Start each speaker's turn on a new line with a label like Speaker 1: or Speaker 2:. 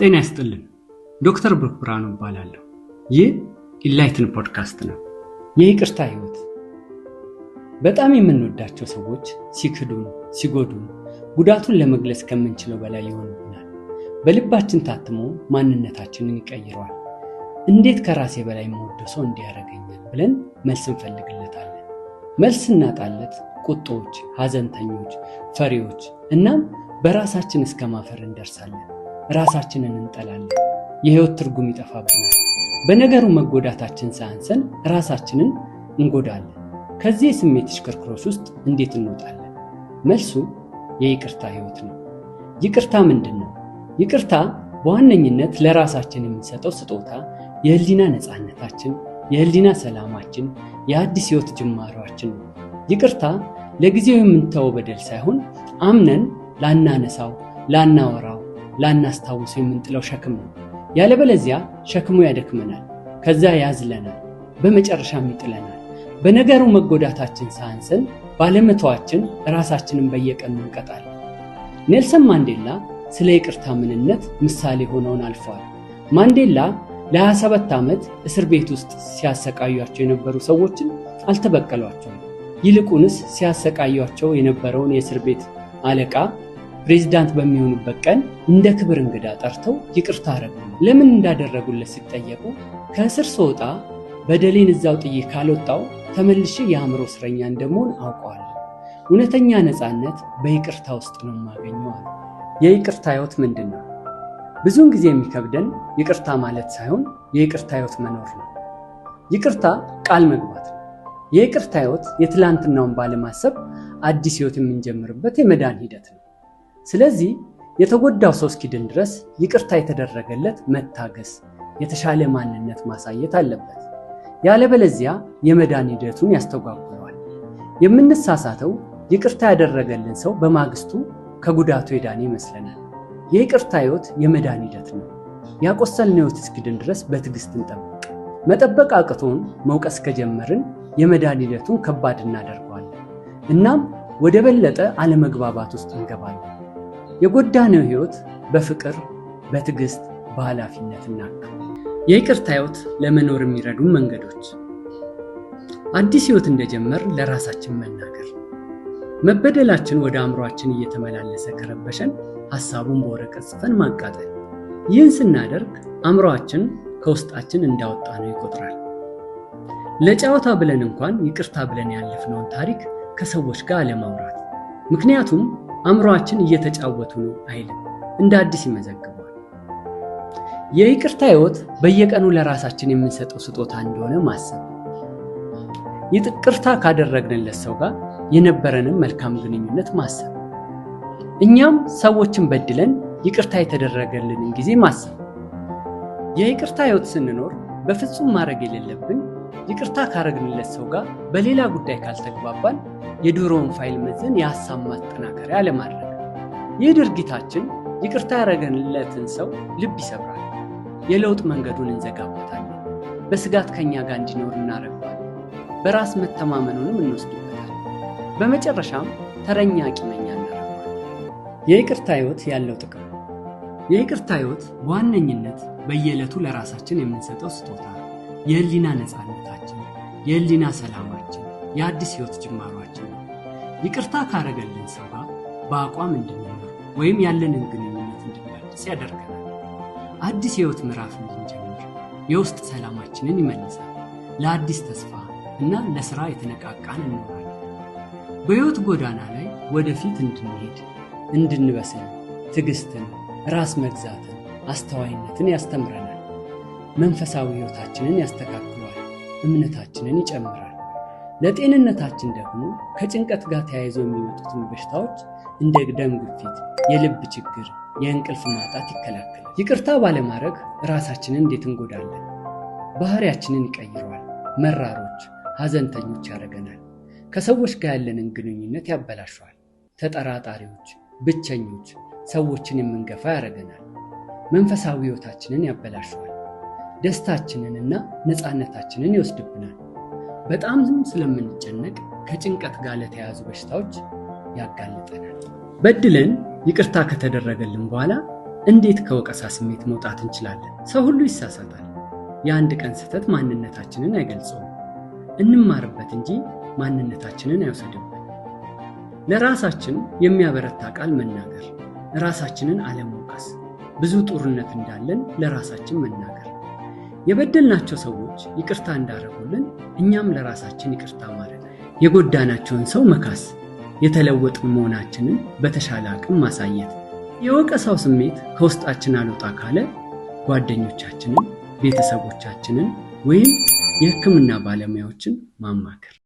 Speaker 1: ጤና ያስጥልን ዶክተር ብሩክ ብርሃኑ እባላለሁ። ይህ ኢላይትን ፖድካስት ነው። የይቅርታ ህይወት በጣም የምንወዳቸው ሰዎች ሲክዱን፣ ሲጎዱን፣ ጉዳቱን ለመግለጽ ከምንችለው በላይ ይሆኑብናል። በልባችን ታትሞ ማንነታችንን ይቀይረዋል። እንዴት ከራሴ በላይ መወደ ሰው እንዲያደርገኛል ብለን መልስ እንፈልግለታለን። መልስ እናጣለት ቁጦዎች፣ ሐዘንተኞች፣ ፈሪዎች እናም በራሳችን እስከ ማፈር እንደርሳለን። ራሳችንን እንጠላለን። የህይወት ትርጉም ይጠፋብናል። በነገሩ መጎዳታችን ሳያንሰን ራሳችንን እንጎዳለን። ከዚህ የስሜት ሽክርክሮች ውስጥ እንዴት እንወጣለን? መልሱ የይቅርታ ህይወት ነው። ይቅርታ ምንድን ነው? ይቅርታ በዋነኝነት ለራሳችን የምንሰጠው ስጦታ የህሊና ነፃነታችን፣ የህሊና ሰላማችን፣ የአዲስ ህይወት ጅማሬያችን ነው። ይቅርታ ለጊዜው የምንተወው በደል ሳይሆን አምነን ላናነሳው፣ ላናወራው ላናስታውስ የምንጥለው ሸክም ነው። ያለበለዚያ ሸክሙ ያደክመናል፣ ከዛ ያዝለናል፣ በመጨረሻም ይጥለናል። በነገሩ መጎዳታችን ሳንስን ባለመተዋችን ራሳችንን በየቀኑ እንቀጣል ኔልሰን ማንዴላ ስለ ይቅርታ ምንነት ምሳሌ ሆነውን አልፈዋል። ማንዴላ ለ27 ዓመት እስር ቤት ውስጥ ሲያሰቃዩቸው የነበሩ ሰዎችን አልተበቀሏቸውም። ይልቁንስ ሲያሰቃዩቸው የነበረውን የእስር ቤት አለቃ ፕሬዚዳንት በሚሆኑበት ቀን እንደ ክብር እንግዳ ጠርተው ይቅርታ አረጉ። ለምን እንዳደረጉለት ሲጠየቁ ከእስር ስወጣ በደሌን እዛው ጥዬ ካልወጣው ተመልሼ የአእምሮ እስረኛ እንደመሆን አውቀዋለሁ። እውነተኛ ነፃነት በይቅርታ ውስጥ ነው የማገኘዋል። የይቅርታ ህይወት ምንድን ነው? ብዙውን ጊዜ የሚከብደን ይቅርታ ማለት ሳይሆን የይቅርታ ህይወት መኖር ነው። ይቅርታ ቃል መግባት ነው። የይቅርታ ህይወት የትላንትናውን ባለማሰብ አዲስ ህይወት የምንጀምርበት የመዳን ሂደት ነው። ስለዚህ የተጎዳው ሰው እስኪድን ድረስ ይቅርታ የተደረገለት መታገስ፣ የተሻለ ማንነት ማሳየት አለበት። ያለበለዚያ የመዳን ሂደቱን ያስተጓጉለዋል። የምንሳሳተው ይቅርታ ያደረገልን ሰው በማግስቱ ከጉዳቱ የዳነ ይመስለናል። የይቅርታ ህይወት የመዳን ሂደት ነው። ያቆሰልን ህይወት እስኪድን ድረስ በትዕግስት እንጠብቅ። መጠበቅ አቅቶን መውቀስ ከጀመርን የመዳን ሂደቱን ከባድ እናደርገዋለን። እናም ወደ በለጠ አለመግባባት ውስጥ እንገባለን። የጎዳነው ህይወት በፍቅር በትዕግስት በኃላፊነት እናካ። የይቅርታ ህይወት ለመኖር የሚረዱን መንገዶች አዲስ ህይወት እንደጀመር ለራሳችን መናገር። መበደላችን ወደ አእምሯችን እየተመላለሰ ከረበሸን ሐሳቡን በወረቀት ጽፈን ማቃጠል። ይህን ስናደርግ አእምሯችን ከውስጣችን እንዳወጣ ነው ይቆጥራል። ለጨዋታ ብለን እንኳን ይቅርታ ብለን ያለፍነውን ታሪክ ከሰዎች ጋር አለማውራት፣ ምክንያቱም አእምሯችን እየተጫወቱ ነው አይልም፣ እንደ አዲስ ይመዘግበዋል። የይቅርታ ህይወት በየቀኑ ለራሳችን የምንሰጠው ስጦታ እንደሆነ ማሰብ፣ ይቅርታ ካደረግንለት ሰው ጋር የነበረንን መልካም ግንኙነት ማሰብ፣ እኛም ሰዎችን በድለን ይቅርታ የተደረገልንን ጊዜ ማሰብ። የይቅርታ ህይወት ስንኖር በፍጹም ማድረግ የሌለብን ይቅርታ ካረግንለት ሰው ጋር በሌላ ጉዳይ ካልተግባባን የድሮውን ፋይል መዘን የሀሳብ ማጠናከሪያ ለማድረግ ይህ ድርጊታችን ይቅርታ ያረገንለትን ሰው ልብ ይሰብራል። የለውጥ መንገዱን እንዘጋበታለን። በስጋት ከኛ ጋር እንዲኖር እናረግባል። በራስ መተማመኑንም እንወስድበታል። በመጨረሻም ተረኛ ቂመኛ እናረግባል። የይቅርታ ህይወት ያለው ጥቅም የይቅርታ ህይወት በዋነኝነት በየዕለቱ ለራሳችን የምንሰጠው ስጦታ የህሊና ነፃነታችን፣ የህሊና ሰላማችን፣ የአዲስ ህይወት ጅማሯችን ነው። ይቅርታ ካረገልን ሰው ጋር በአቋም እንድንኖር ወይም ያለንን ግንኙነት እንድናድስ ያደርገናል። አዲስ ህይወት ምዕራፍ እንድንጀምር የውስጥ ሰላማችንን ይመልሳል። ለአዲስ ተስፋ እና ለሥራ የተነቃቃን እንሆናለን። በሕይወት ጎዳና ላይ ወደፊት እንድንሄድ እንድንበስል ትዕግሥትን፣ ራስ መግዛትን፣ አስተዋይነትን ያስተምረናል። መንፈሳዊ ሕይወታችንን ያስተካክሏል፣ እምነታችንን ይጨምራል። ለጤንነታችን ደግሞ ከጭንቀት ጋር ተያይዞ የሚመጡትን በሽታዎች እንደ ደም ግፊት፣ የልብ ችግር፣ የእንቅልፍ ማጣት ይከላከላል። ይቅርታ ባለማድረግ ራሳችንን እንዴት እንጎዳለን? ባህሪያችንን ይቀይረዋል። መራሮች፣ ሐዘንተኞች ያደርገናል። ከሰዎች ጋር ያለንን ግንኙነት ያበላሸዋል። ተጠራጣሪዎች፣ ብቸኞች፣ ሰዎችን የምንገፋ ያደርገናል። መንፈሳዊ ሕይወታችንን ያበላሸዋል። ደስታችንንና ነፃነታችንን ይወስድብናል። በጣም ስለምንጨነቅ ከጭንቀት ጋር ለተያያዙ በሽታዎች ያጋልጠናል። በድለን ይቅርታ ከተደረገልን በኋላ እንዴት ከወቀሳ ስሜት መውጣት እንችላለን? ሰው ሁሉ ይሳሳታል። የአንድ ቀን ስህተት ማንነታችንን አይገልጸውም። እንማርበት እንጂ ማንነታችንን አይወሰድብን። ለራሳችን የሚያበረታ ቃል መናገር፣ ራሳችንን አለመውቀስ፣ ብዙ ጦርነት እንዳለን ለራሳችን መናገር የበደልናቸው ሰዎች ይቅርታ እንዳረጉልን እኛም ለራሳችን ይቅርታ ማድረግ፣ የጎዳናቸውን ሰው መካስ፣ የተለወጥን መሆናችንን በተሻለ አቅም ማሳየት። የወቀሳው ስሜት ከውስጣችን አልወጣ ካለ ጓደኞቻችንን፣ ቤተሰቦቻችንን ወይም የሕክምና ባለሙያዎችን ማማከር